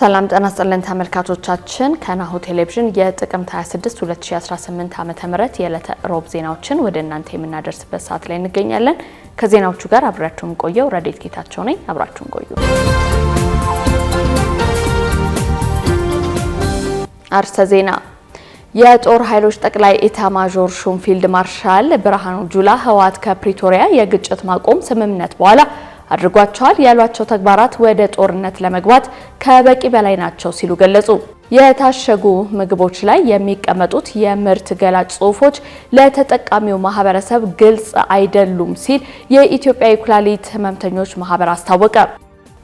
ሰላም ጤና ይስጥልን ተመልካቾቻችን፣ ከናሁ ቴሌቪዥን የጥቅምት 26 2018 ዓ.ም የዕለተ ሮብ ዜናዎችን ወደ እናንተ የምናደርስበት ሰዓት ላይ እንገኛለን። ከዜናዎቹ ጋር አብራችሁን ቆየው። ረዴት ጌታቸው ነኝ። አብራችሁን ቆዩ። አርዕስተ ዜና የጦር ኃይሎች ጠቅላይ ኢታ ሹም ፊልድ ማርሻል ብርሃኑ ጁላ ህወሓት ከፕሪቶሪያ የግጭት ማቆም ስምምነት በኋላ አድርጓቸዋል ያሏቸው ተግባራት ወደ ጦርነት ለመግባት ከበቂ በላይ ናቸው ሲሉ ገለጹ። የታሸጉ ምግቦች ላይ የሚቀመጡት የምርት ገላጭ ጽሑፎች ለተጠቃሚው ማህበረሰብ ግልጽ አይደሉም ሲል የኢትዮጵያ የኩላሊት ህመምተኞች ማህበር አስታወቀ።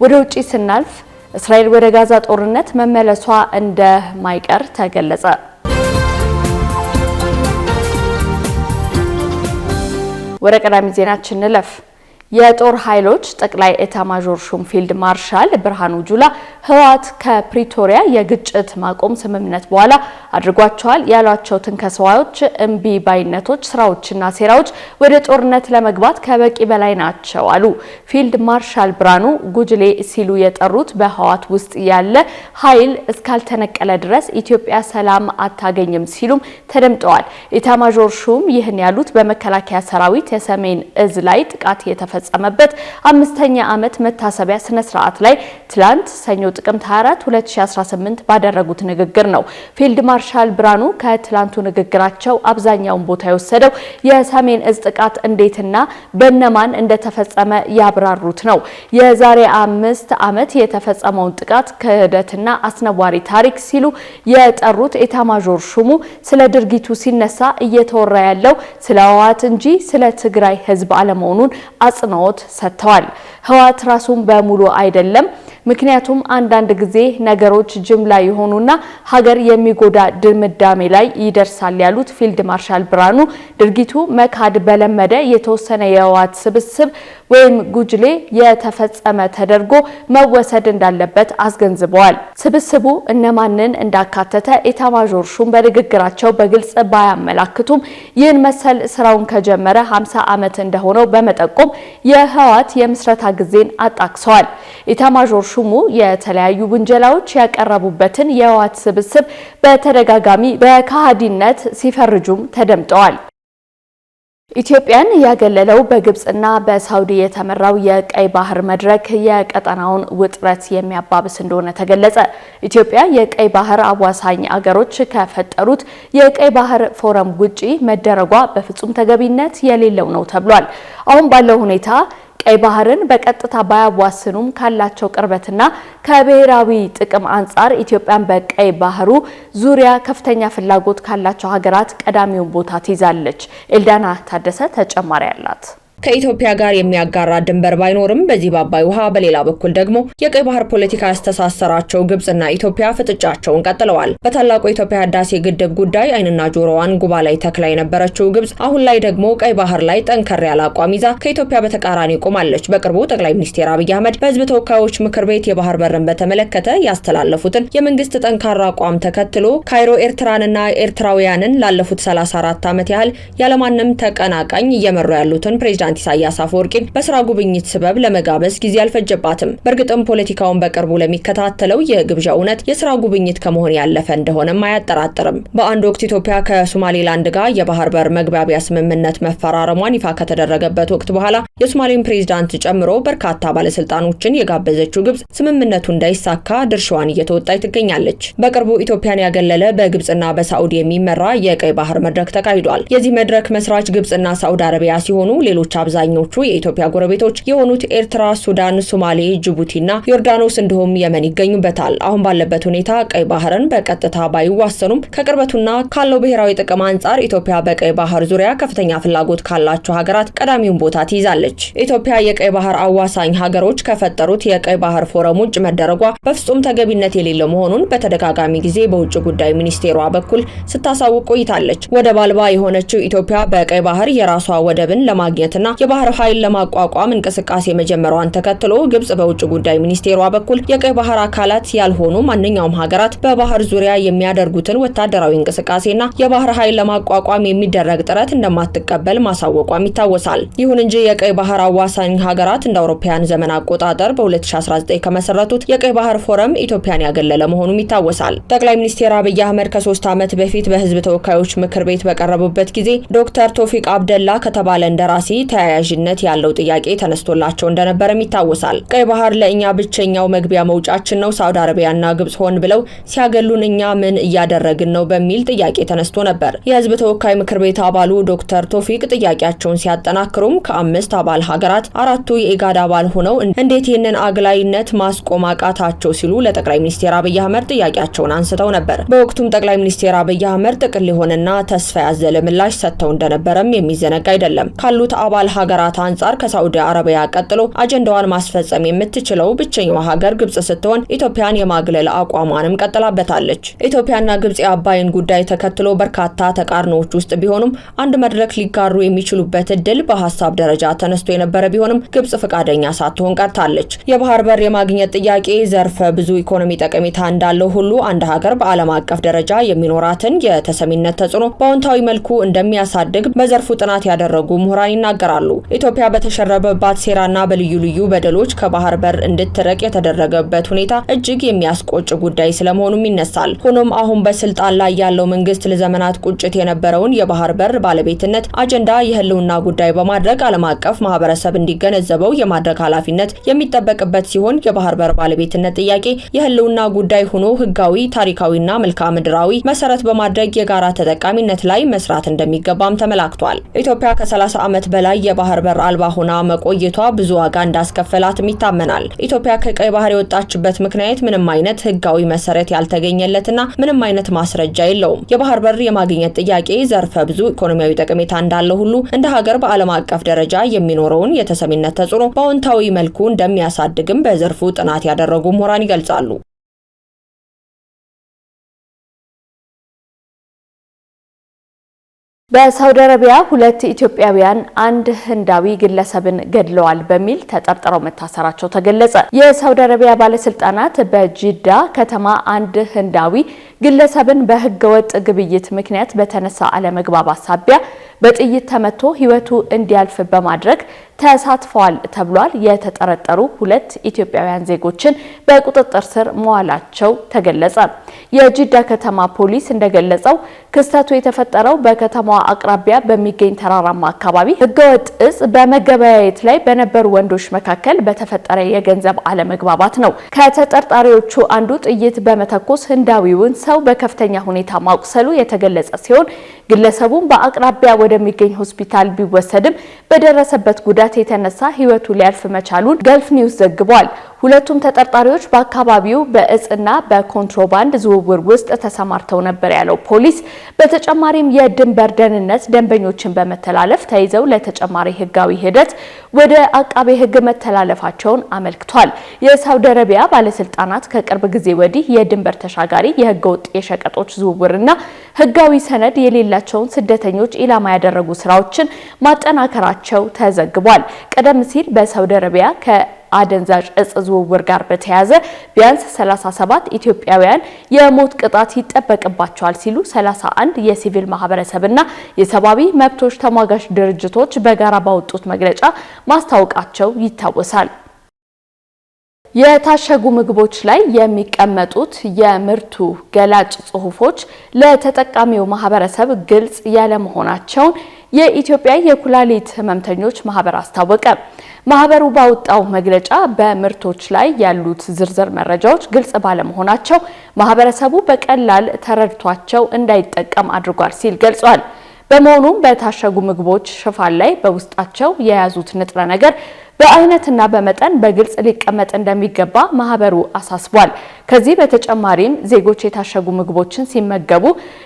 ወደ ውጪ ስናልፍ እስራኤል ወደ ጋዛ ጦርነት መመለሷ እንደማይቀር ተገለጸ። ወደ ቀዳሚ ዜናችን እንለፍ። የጦር ኃይሎች ጠቅላይ ኤታማዦር ሹም ፊልድ ማርሻል ብርሃኑ ጁላ ህወሓት ከፕሪቶሪያ የግጭት ማቆም ስምምነት በኋላ አድርጓቸዋል ያሏቸው ትንከሳዎች፣ እምቢ ባይነቶች፣ ስራዎችና ሴራዎች ወደ ጦርነት ለመግባት ከበቂ በላይ ናቸው አሉ። ፊልድ ማርሻል ብርሃኑ ጉጅሌ ሲሉ የጠሩት በህወሓት ውስጥ ያለ ኃይል እስካልተነቀለ ድረስ ኢትዮጵያ ሰላም አታገኝም ሲሉም ተደምጠዋል። ኤታማዦር ሹም ይህን ያሉት በመከላከያ ሰራዊት የሰሜን እዝ ላይ ጥቃት የተፈ በተፈጸመበት አምስተኛ ዓመት መታሰቢያ ስነ ስርዓት ላይ ትላንት ሰኞ ጥቅምት 24 2018 ባደረጉት ንግግር ነው። ፊልድ ማርሻል ብርሃኑ ከትላንቱ ንግግራቸው አብዛኛውን ቦታ የወሰደው የሰሜን እዝ ጥቃት እንዴትና በነማን እንደተፈጸመ ያብራሩት ነው። የዛሬ አምስት ዓመት የተፈጸመውን ጥቃት ክህደትና አስነዋሪ ታሪክ ሲሉ የጠሩት ኤታማዦር ሹሙ ስለ ድርጊቱ ሲነሳ እየተወራ ያለው ስለ ህወሓት እንጂ ስለ ትግራይ ህዝብ አለመሆኑን አጽ አጽንኦት ሰጥተዋል። ህወሓት ራሱን በሙሉ አይደለም ምክንያቱም አንዳንድ ጊዜ ነገሮች ጅምላ የሆኑና ሀገር የሚጎዳ ድምዳሜ ላይ ይደርሳል ያሉት ፊልድ ማርሻል ብርሃኑ ድርጊቱ መካድ በለመደ የተወሰነ የህወሓት ስብስብ ወይም ጉጅሌ የተፈጸመ ተደርጎ መወሰድ እንዳለበት አስገንዝበዋል። ስብስቡ እነማንን እንዳካተተ ኢታማዦር ሹም በንግግራቸው በግልጽ ባያመላክቱም ይህን መሰል ስራውን ከጀመረ 50 ዓመት እንደሆነው በመጠቆም የህወሓት የምስረታ ጊዜን አጣቅሰዋል። ኢታማዦር ሹሙ የተለያዩ ውንጀላዎች ያቀረቡበትን የህወሓት ስብስብ በተደጋጋሚ በካሃዲነት ሲፈርጁም ተደምጠዋል። ኢትዮጵያን ያገለለው በግብፅና በሳውዲ የተመራው የቀይ ባህር መድረክ የቀጠናውን ውጥረት የሚያባብስ እንደሆነ ተገለጸ። ኢትዮጵያ የቀይ ባህር አዋሳኝ አገሮች ከፈጠሩት የቀይ ባህር ፎረም ውጪ መደረጓ በፍጹም ተገቢነት የሌለው ነው ተብሏል። አሁን ባለው ሁኔታ ቀይ ባህርን በቀጥታ ባያዋስኑም ካላቸው ቅርበትና ከብሔራዊ ጥቅም አንጻር ኢትዮጵያን በቀይ ባህሩ ዙሪያ ከፍተኛ ፍላጎት ካላቸው ሀገራት ቀዳሚውን ቦታ ትይዛለች። ኤልዳና ታደሰ ተጨማሪ አላት። ከኢትዮጵያ ጋር የሚያጋራ ድንበር ባይኖርም በዚህ በአባይ ውሃ በሌላ በኩል ደግሞ የቀይ ባህር ፖለቲካ ያስተሳሰራቸው ግብጽና ኢትዮጵያ ፍጥጫቸውን ቀጥለዋል። በታላቁ የኢትዮጵያ ህዳሴ ግድብ ጉዳይ አይንና ጆሮዋን ጉባ ላይ ተክላ የነበረችው ግብጽ አሁን ላይ ደግሞ ቀይ ባህር ላይ ጠንከር ያለ አቋም ይዛ ከኢትዮጵያ በተቃራኒ ቆማለች። በቅርቡ ጠቅላይ ሚኒስትር አብይ አህመድ በህዝብ ተወካዮች ምክር ቤት የባህር በርን በተመለከተ ያስተላለፉትን የመንግስት ጠንካራ አቋም ተከትሎ ካይሮ ኤርትራንና ኤርትራውያንን ላለፉት 34 ዓመት ያህል ያለማንም ተቀናቃኝ እየመሩ ያሉትን ፕሬዚዳንት ፕሬዝዳንት ኢሳያስ አፈወርቂን በስራ ጉብኝት ስበብ ለመጋበዝ ጊዜ አልፈጀባትም። በእርግጥም ፖለቲካውን በቅርቡ ለሚከታተለው የግብዣ እውነት የስራ ጉብኝት ከመሆን ያለፈ እንደሆነም አያጠራጥርም። በአንድ ወቅት ኢትዮጵያ ከሶማሌላንድ ጋር የባህር በር መግባቢያ ስምምነት መፈራረሟን ይፋ ከተደረገበት ወቅት በኋላ የሶማሌን ፕሬዝዳንት ጨምሮ በርካታ ባለስልጣኖችን የጋበዘችው ግብጽ ስምምነቱ እንዳይሳካ ድርሻዋን እየተወጣች ትገኛለች። በቅርቡ ኢትዮጵያን ያገለለ በግብጽና በሳዑዲ የሚመራ የቀይ ባህር መድረክ ተካሂዷል። የዚህ መድረክ መስራች ግብጽና ሳዑዲ አረቢያ ሲሆኑ ሌሎች አብዛኞቹ የኢትዮጵያ ጎረቤቶች የሆኑት ኤርትራ፣ ሱዳን፣ ሶማሌ፣ ጅቡቲና ዮርዳኖስ እንዲሁም የመን ይገኙበታል። አሁን ባለበት ሁኔታ ቀይ ባህርን በቀጥታ ባይዋሰኑም ከቅርበቱና ካለው ብሔራዊ ጥቅም አንጻር ኢትዮጵያ በቀይ ባህር ዙሪያ ከፍተኛ ፍላጎት ካላቸው ሀገራት ቀዳሚውን ቦታ ትይዛለች። ኢትዮጵያ የቀይ ባህር አዋሳኝ ሀገሮች ከፈጠሩት የቀይ ባህር ፎረም ውጭ መደረጓ በፍጹም ተገቢነት የሌለው መሆኑን በተደጋጋሚ ጊዜ በውጭ ጉዳይ ሚኒስቴሯ በኩል ስታሳውቅ ቆይታለች። ወደብ አልባ የሆነችው ኢትዮጵያ በቀይ ባህር የራሷ ወደብን ለማግኘትና እና የባህር ኃይል ለማቋቋም እንቅስቃሴ መጀመሯን ተከትሎ ግብጽ በውጭ ጉዳይ ሚኒስቴሯ በኩል የቀይ ባህር አካላት ያልሆኑ ማንኛውም ሀገራት በባህር ዙሪያ የሚያደርጉትን ወታደራዊ እንቅስቃሴና የባህር ኃይል ለማቋቋም የሚደረግ ጥረት እንደማትቀበል ማሳወቋም ይታወሳል። ይሁን እንጂ የቀይ ባህር አዋሳኝ ሀገራት እንደ አውሮፓውያን ዘመን አቆጣጠር በ2019 ከመሰረቱት የቀይ ባህር ፎረም ኢትዮጵያን ያገለለ መሆኑም ይታወሳል። ጠቅላይ ሚኒስትር አብይ አህመድ ከሶስት ዓመት በፊት በህዝብ ተወካዮች ምክር ቤት በቀረቡበት ጊዜ ዶክተር ቶፊቅ አብደላ ከተባለ እንደራሴ ተያያዥነት ያለው ጥያቄ ተነስቶላቸው እንደነበርም ይታወሳል። ቀይ ባህር ለእኛ ብቸኛው መግቢያ መውጫችን ነው፣ ሳውዲ አረቢያና ግብጽ ሆን ብለው ሲያገሉን እኛ ምን እያደረግን ነው በሚል ጥያቄ ተነስቶ ነበር። የህዝብ ተወካይ ምክር ቤት አባሉ ዶክተር ቶፊቅ ጥያቄያቸውን ሲያጠናክሩም ከአምስት አባል ሀገራት አራቱ የኢጋድ አባል ሆነው እንዴት ይህንን አግላይነት ማስቆም አቃታቸው ሲሉ ለጠቅላይ ሚኒስቴር አብይ አህመድ ጥያቄያቸውን አንስተው ነበር። በወቅቱም ጠቅላይ ሚኒስቴር አብይ አህመድ ጥቅል የሆነና ተስፋ ያዘለ ምላሽ ሰጥተው እንደነበረም የሚዘነጋ አይደለም። ካሉት አባል ከአባል ሀገራት አንጻር ከሳዑዲ አረቢያ ቀጥሎ አጀንዳዋን ማስፈጸም የምትችለው ብቸኛው ሀገር ግብጽ ስትሆን ኢትዮጵያን የማግለል አቋሟንም ቀጥላበታለች። ኢትዮጵያና ግብጽ የአባይን ጉዳይ ተከትሎ በርካታ ተቃርኖዎች ውስጥ ቢሆኑም አንድ መድረክ ሊጋሩ የሚችሉበት እድል በሀሳብ ደረጃ ተነስቶ የነበረ ቢሆንም ግብጽ ፈቃደኛ ሳትሆን ቀርታለች። የባህር በር የማግኘት ጥያቄ ዘርፈ ብዙ ኢኮኖሚ ጠቀሜታ እንዳለው ሁሉ አንድ ሀገር በዓለም አቀፍ ደረጃ የሚኖራትን የተሰሚነት ተጽዕኖ በአዎንታዊ መልኩ እንደሚያሳድግ በዘርፉ ጥናት ያደረጉ ምሁራን ይናገራሉ። ይመክራሉ። ኢትዮጵያ በተሸረበባት ሴራና በልዩ ልዩ በደሎች ከባህር በር እንድትርቅ የተደረገበት ሁኔታ እጅግ የሚያስቆጭ ጉዳይ ስለመሆኑም ይነሳል። ሆኖም አሁን በስልጣን ላይ ያለው መንግስት ለዘመናት ቁጭት የነበረውን የባህር በር ባለቤትነት አጀንዳ የህልውና ጉዳይ በማድረግ ዓለም አቀፍ ማህበረሰብ እንዲገነዘበው የማድረግ ኃላፊነት የሚጠበቅበት ሲሆን የባህር በር ባለቤትነት ጥያቄ የህልውና ጉዳይ ሆኖ ህጋዊ፣ ታሪካዊና መልክዓ ምድራዊ መሰረት በማድረግ የጋራ ተጠቃሚነት ላይ መስራት እንደሚገባም ተመላክቷል። ኢትዮጵያ ከ30 ዓመት በላይ የባህር በር አልባ ሆና መቆየቷ ብዙ ዋጋ እንዳስከፈላትም ይታመናል። ኢትዮጵያ ከቀይ ባህር የወጣችበት ምክንያት ምንም አይነት ህጋዊ መሰረት ያልተገኘለትና ምንም አይነት ማስረጃ የለውም። የባህር በር የማግኘት ጥያቄ ዘርፈ ብዙ ኢኮኖሚያዊ ጠቀሜታ እንዳለ ሁሉ እንደ ሀገር በዓለም አቀፍ ደረጃ የሚኖረውን የተሰሚነት ተጽዕኖ በአዎንታዊ መልኩ እንደሚያሳድግም በዘርፉ ጥናት ያደረጉ ምሁራን ይገልጻሉ። በሳውዲ አረቢያ ሁለት ኢትዮጵያውያን አንድ ህንዳዊ ግለሰብን ገድለዋል በሚል ተጠርጥረው መታሰራቸው ተገለጸ። የሳውዲ አረቢያ ባለስልጣናት በጂዳ ከተማ አንድ ህንዳዊ ግለሰብን በህገወጥ ግብይት ምክንያት በተነሳ አለመግባባት ሳቢያ በጥይት ተመቶ ህይወቱ እንዲያልፍ በማድረግ ተሳትፈዋል ተብሏል። የተጠረጠሩ ሁለት ኢትዮጵያውያን ዜጎችን በቁጥጥር ስር መዋላቸው ተገለጸ። የጅዳ ከተማ ፖሊስ እንደገለጸው ክስተቱ የተፈጠረው በከተማዋ አቅራቢያ በሚገኝ ተራራማ አካባቢ ህገወጥ እጽ በመገበያየት ላይ በነበሩ ወንዶች መካከል በተፈጠረ የገንዘብ አለመግባባት ነው። ከተጠርጣሪዎቹ አንዱ ጥይት በመተኮስ ህንዳዊውን ሰው በከፍተኛ ሁኔታ ማቁሰሉ የተገለጸ ሲሆን ግለሰቡን በአቅራቢያ ወደሚገኝ ሆስፒታል ቢወሰድም በደረሰበት ጉዳት የተነሳ ህይወቱ ሊያልፍ መቻሉን ገልፍ ኒውስ ዘግቧል። ሁለቱም ተጠርጣሪዎች በአካባቢው በእጽና በኮንትሮባንድ ዝውውር ውስጥ ተሰማርተው ነበር ያለው ፖሊስ በተጨማሪም የድንበር ደህንነት ደንበኞችን በመተላለፍ ተይዘው ለተጨማሪ ሕጋዊ ሂደት ወደ አቃቤ ሕግ መተላለፋቸውን አመልክቷል። የሳውዲ አረቢያ ባለስልጣናት ከቅርብ ጊዜ ወዲህ የድንበር ተሻጋሪ የህገወጥ የሸቀጦች ዝውውርና ሕጋዊ ሰነድ የሌላቸውን ስደተኞች ኢላማ ያደረጉ ስራዎችን ማጠናከራቸው ተዘግቧል። ቀደም ሲል በሳውዲ አረቢያ ከ አደንዛዥ እጽ ዝውውር ጋር በተያያዘ ቢያንስ 37 ኢትዮጵያውያን የሞት ቅጣት ይጠበቅባቸዋል ሲሉ 31 የሲቪል ማህበረሰብና የሰብአዊ መብቶች ተሟጋች ድርጅቶች በጋራ ባወጡት መግለጫ ማስታወቃቸው ይታወሳል። የታሸጉ ምግቦች ላይ የሚቀመጡት የምርቱ ገላጭ ጽሑፎች ለተጠቃሚው ማህበረሰብ ግልጽ ያለመሆናቸውን የኢትዮጵያ የኩላሊት ህመምተኞች ማህበር አስታወቀ። ማህበሩ ባወጣው መግለጫ በምርቶች ላይ ያሉት ዝርዝር መረጃዎች ግልጽ ባለመሆናቸው ማህበረሰቡ በቀላል ተረድቷቸው እንዳይጠቀም አድርጓል ሲል ገልጿል። በመሆኑም በታሸጉ ምግቦች ሽፋን ላይ በውስጣቸው የያዙት ንጥረ ነገር በአይነትና በመጠን በግልጽ ሊቀመጥ እንደሚገባ ማህበሩ አሳስቧል። ከዚህ በተጨማሪም ዜጎች የታሸጉ ምግቦችን ሲመገቡ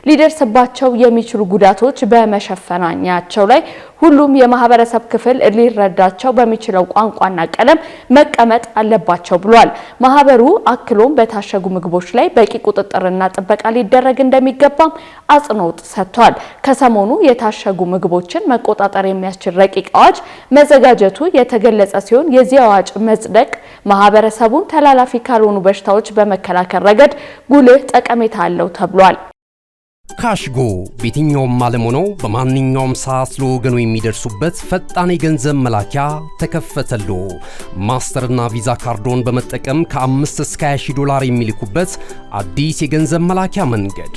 ሊደርስባቸው የሚችሉ ጉዳቶች በመሸፈናኛቸው ላይ ሁሉም የማህበረሰብ ክፍል ሊረዳቸው በሚችለው ቋንቋና ቀለም መቀመጥ አለባቸው ብሏል። ማህበሩ አክሎም በታሸጉ ምግቦች ላይ በቂ ቁጥጥርና ጥበቃ ሊደረግ እንደሚገባም አጽንኦት ሰጥቷል። ከሰሞኑ የታሸጉ ምግቦችን መቆጣጠር የሚያስችል ረቂቅ አዋጅ መዘጋጀቱ የተገለ የገለጸ ሲሆን የዚህ አዋጅ መጽደቅ ማህበረሰቡን ተላላፊ ካልሆኑ በሽታዎች በመከላከል ረገድ ጉልህ ጠቀሜታ አለው ተብሏል። ካሽጎ በየትኛውም ዓለም ሆነው በማንኛውም ሰዓት ለወገኑ የሚደርሱበት ፈጣን የገንዘብ መላኪያ ተከፈተሎ። ማስተርና ቪዛ ካርዶን በመጠቀም ከ5 እስከ 20 ዶላር የሚልኩበት አዲስ የገንዘብ መላኪያ መንገድ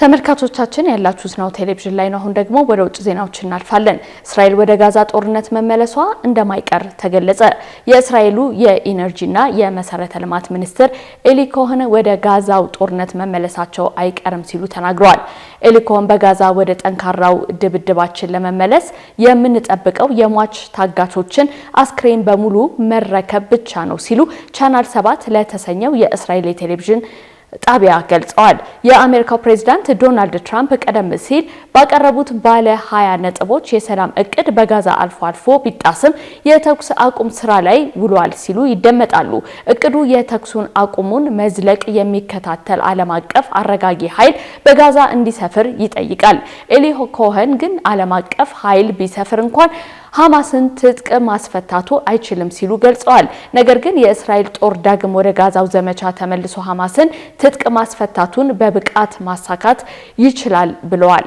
ተመልካቾቻችን ያላችሁት ናሁ ቴሌቪዥን ላይ ነው። አሁን ደግሞ ወደ ውጭ ዜናዎች እናልፋለን። እስራኤል ወደ ጋዛ ጦርነት መመለሷ እንደማይቀር ተገለጸ። የእስራኤሉ የኢነርጂና የመሰረተ ልማት ሚኒስትር ኤሊ ኮሆን ወደ ጋዛው ጦርነት መመለሳቸው አይቀርም ሲሉ ተናግረዋል። ኤሊ ኮሆን በጋዛ ወደ ጠንካራው ድብድባችን ለመመለስ የምንጠብቀው የሟች ታጋቾችን አስክሬን በሙሉ መረከብ ብቻ ነው ሲሉ ቻናል ሰባት ለተሰኘው የእስራኤል ቴሌቪዥን ጣቢያ ገልጸዋል። የአሜሪካው ፕሬዝዳንት ዶናልድ ትራምፕ ቀደም ሲል ባቀረቡት ባለ 20 ነጥቦች የሰላም እቅድ በጋዛ አልፎ አልፎ ቢጣስም የተኩስ አቁም ስራ ላይ ውሏል ሲሉ ይደመጣሉ። እቅዱ የተኩሱን አቁሙን መዝለቅ የሚከታተል ዓለም አቀፍ አረጋጊ ኃይል በጋዛ እንዲሰፍር ይጠይቃል። ኤሊ ኮሆን ግን ዓለም አቀፍ ኃይል ቢሰፍር እንኳን ሐማስን ትጥቅ ማስፈታቱ አይችልም ሲሉ ገልጸዋል። ነገር ግን የእስራኤል ጦር ዳግም ወደ ጋዛው ዘመቻ ተመልሶ ሐማስን ትጥቅ ማስፈታቱን በብቃት ማሳካት ይችላል ብለዋል።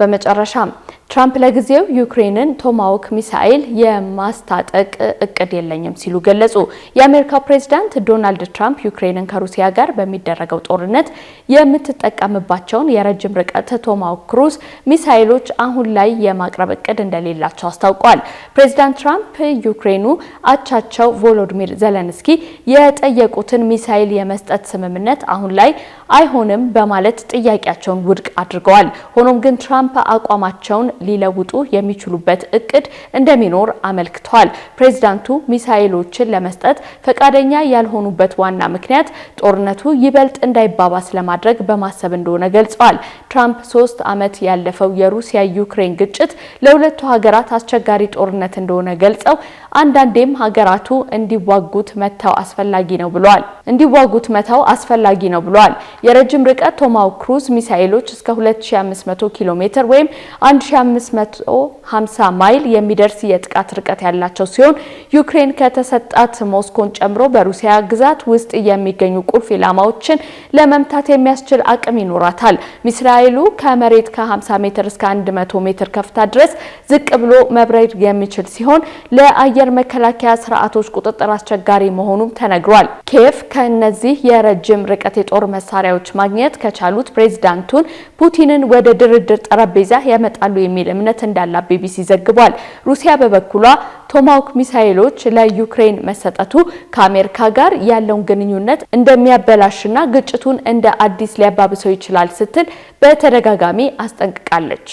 በመጨረሻም ትራምፕ ለጊዜው ዩክሬንን ቶማውክ ሚሳኤል የማስታጠቅ እቅድ የለኝም ሲሉ ገለጹ። የአሜሪካው ፕሬዚዳንት ዶናልድ ትራምፕ ዩክሬንን ከሩሲያ ጋር በሚደረገው ጦርነት የምትጠቀምባቸውን የረጅም ርቀት ቶማውክ ክሩዝ ሚሳኤሎች አሁን ላይ የማቅረብ እቅድ እንደሌላቸው አስታውቋል። ፕሬዚዳንት ትራምፕ ዩክሬኑ አቻቸው ቮሎዲሚር ዘለንስኪ የጠየቁትን ሚሳኤል የመስጠት ስምምነት አሁን ላይ አይሆንም በማለት ጥያቄያቸውን ውድቅ አድርገዋል። ሆኖም ግን ትራምፕ አቋማቸውን ሊለውጡ የሚችሉበት እቅድ እንደሚኖር አመልክቷል። ፕሬዚዳንቱ ሚሳኤሎችን ለመስጠት ፈቃደኛ ያልሆኑበት ዋና ምክንያት ጦርነቱ ይበልጥ እንዳይባባስ ለማድረግ በማሰብ እንደሆነ ገልጸዋል። ትራምፕ ሶስት ዓመት ያለፈው የሩሲያ ዩክሬን ግጭት ለሁለቱ ሀገራት አስቸጋሪ ጦርነት እንደሆነ ገልጸው አንዳንዴም ሀገራቱ እንዲዋጉት መተው አስፈላጊ ነው ብለዋል። እንዲዋጉት መተው አስፈላጊ ነው ብለዋል። የረጅም ርቀት ቶማሃውክ ክሩዝ ሚሳኤሎች እስከ 2500 ኪሎ ሜትር ወይም 1550 ማይል የሚደርስ የጥቃት ርቀት ያላቸው ሲሆን ዩክሬን ከተሰጣት ሞስኮን ጨምሮ በሩሲያ ግዛት ውስጥ የሚገኙ ቁልፍ ኢላማዎችን ለመምታት የሚያስችል አቅም ይኖራታል። ሚሳኤሉ ከመሬት ከ50 ሜትር እስከ 100 ሜትር ከፍታ ድረስ ዝቅ ብሎ መብረር የሚችል ሲሆን ለአየር መከላከያ ስርዓቶች ቁጥጥር አስቸጋሪ መሆኑም ተነግሯል። ኬፍ ከነዚህ የረጅም ርቀት የጦር መሳሪያዎች ማግኘት ከቻሉት ፕሬዚዳንቱን ፑቲንን ወደ ድርድር ጠረጴዛ ያመጣሉ የሚል እምነት እንዳላት ቢቢሲ ዘግቧል። ሩሲያ በበኩሏ ቶማውክ ሚሳይሎች ለዩክሬን መሰጠቱ ከአሜሪካ ጋር ያለውን ግንኙነት እንደሚያበላሽና ግጭቱን እንደ አዲስ ሊያባብሰው ይችላል ስትል በተደጋጋሚ አስጠንቅቃለች።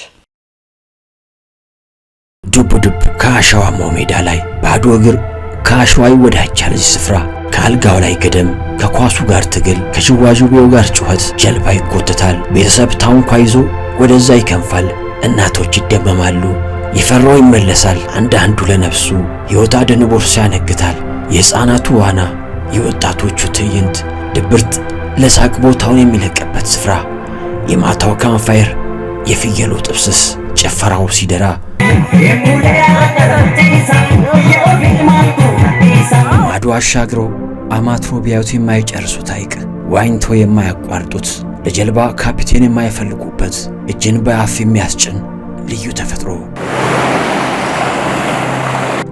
ዱብ ዱብ ከአሸዋማው ሜዳ ላይ ባዶ እግር ከአሸዋ ይወዳጃል። እዚህ ስፍራ ከአልጋው ላይ ግድም፣ ከኳሱ ጋር ትግል፣ ከሽዋዥቤው ጋር ጩኸት ጀልባ ይጎተታል። ቤተሰብ ታንኳ ይዞ ወደዛ ይከንፋል። እናቶች ይደመማሉ። የፈራው ይመለሳል። አንዳንዱ ለነፍሱ ሕይወት አድን ቦርሳ ያነግታል። የሕፃናቱ ዋና፣ የወጣቶቹ ትዕይንት፣ ድብርት ለሳቅ ቦታውን የሚለቅበት ስፍራ፣ የማታው ካምፋየር፣ የፍየሉ ጥብስስ፣ ጭፈራው ሲደራ ማዶ አሻግረው አማትሮ ቢያዩት የማይጨርሱት ሐይቅ፣ ዋኝቶ የማያቋርጡት፣ ለጀልባ ካፒቴን የማይፈልጉበት፣ እጅን በአፍ የሚያስጭን ልዩ ተፈጥሮ።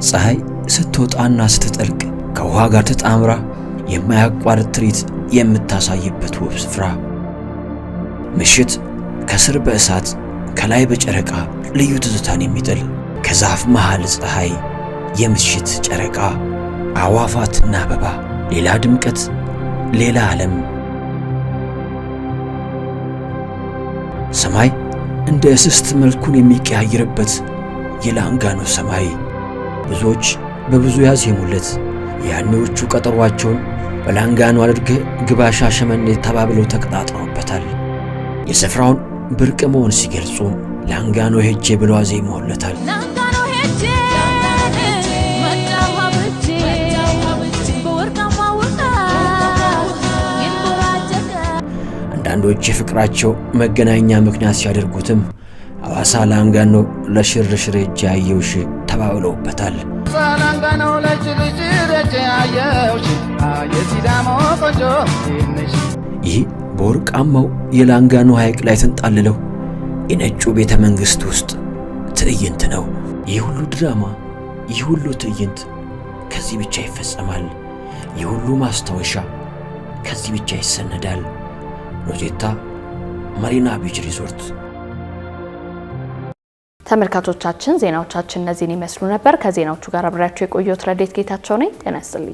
ፀሐይ ስትወጣና ስትጠልቅ ከውሃ ጋር ተጣምራ የማያቋርጥ ትርኢት የምታሳይበት ውብ ስፍራ። ምሽት ከስር በእሳት ከላይ በጨረቃ ልዩ ትዝታን የሚጥል ከዛፍ መሃል ፀሐይ፣ የምሽት ጨረቃ፣ አዋፋትና አበባ ሌላ ድምቀት፣ ሌላ ዓለም። ሰማይ እንደ እስስት መልኩን የሚቀያየርበት የላንጋኖ ሰማይ ብዙዎች በብዙ ያዜሙለት ያኔዎቹ ቀጠሯቸውን በላንጋኖ አድርገ ግባሻ ሻሸመኔ ተባብለው ተቀጣጥረውበታል። የስፍራውን ብርቅ መሆን ሲገልጹ ላንጋኖ ሄጄ ብለው አዜመውለታል። አንዳንዶች የፍቅራቸው መገናኛ ምክንያት ሲያደርጉትም አዋሳ ላንጋኖ ለሽርሽር እጅ አየውሽ ተባብለውበታል። ይህ በወርቃማው የላንጋኖ ሐይቅ ላይ ተንጣልለው የነጩ ቤተ መንግሥት ውስጥ ትዕይንት ነው። ይህ ሁሉ ድራማ፣ ይህ ሁሉ ትዕይንት ከዚህ ብቻ ይፈጸማል። ይህ ሁሉ ማስታወሻ ከዚህ ብቻ ይሰነዳል። ሎዜታ መሪና ቢች ሪዞርት። ተመልካቾቻችን ዜናዎቻችን እነዚህን ይመስሉ ነበር። ከዜናዎቹ ጋር አብሬያቸው የቆየሁት ረዴት ጌታቸው ነኝ። ጤና ይስጥልኝ።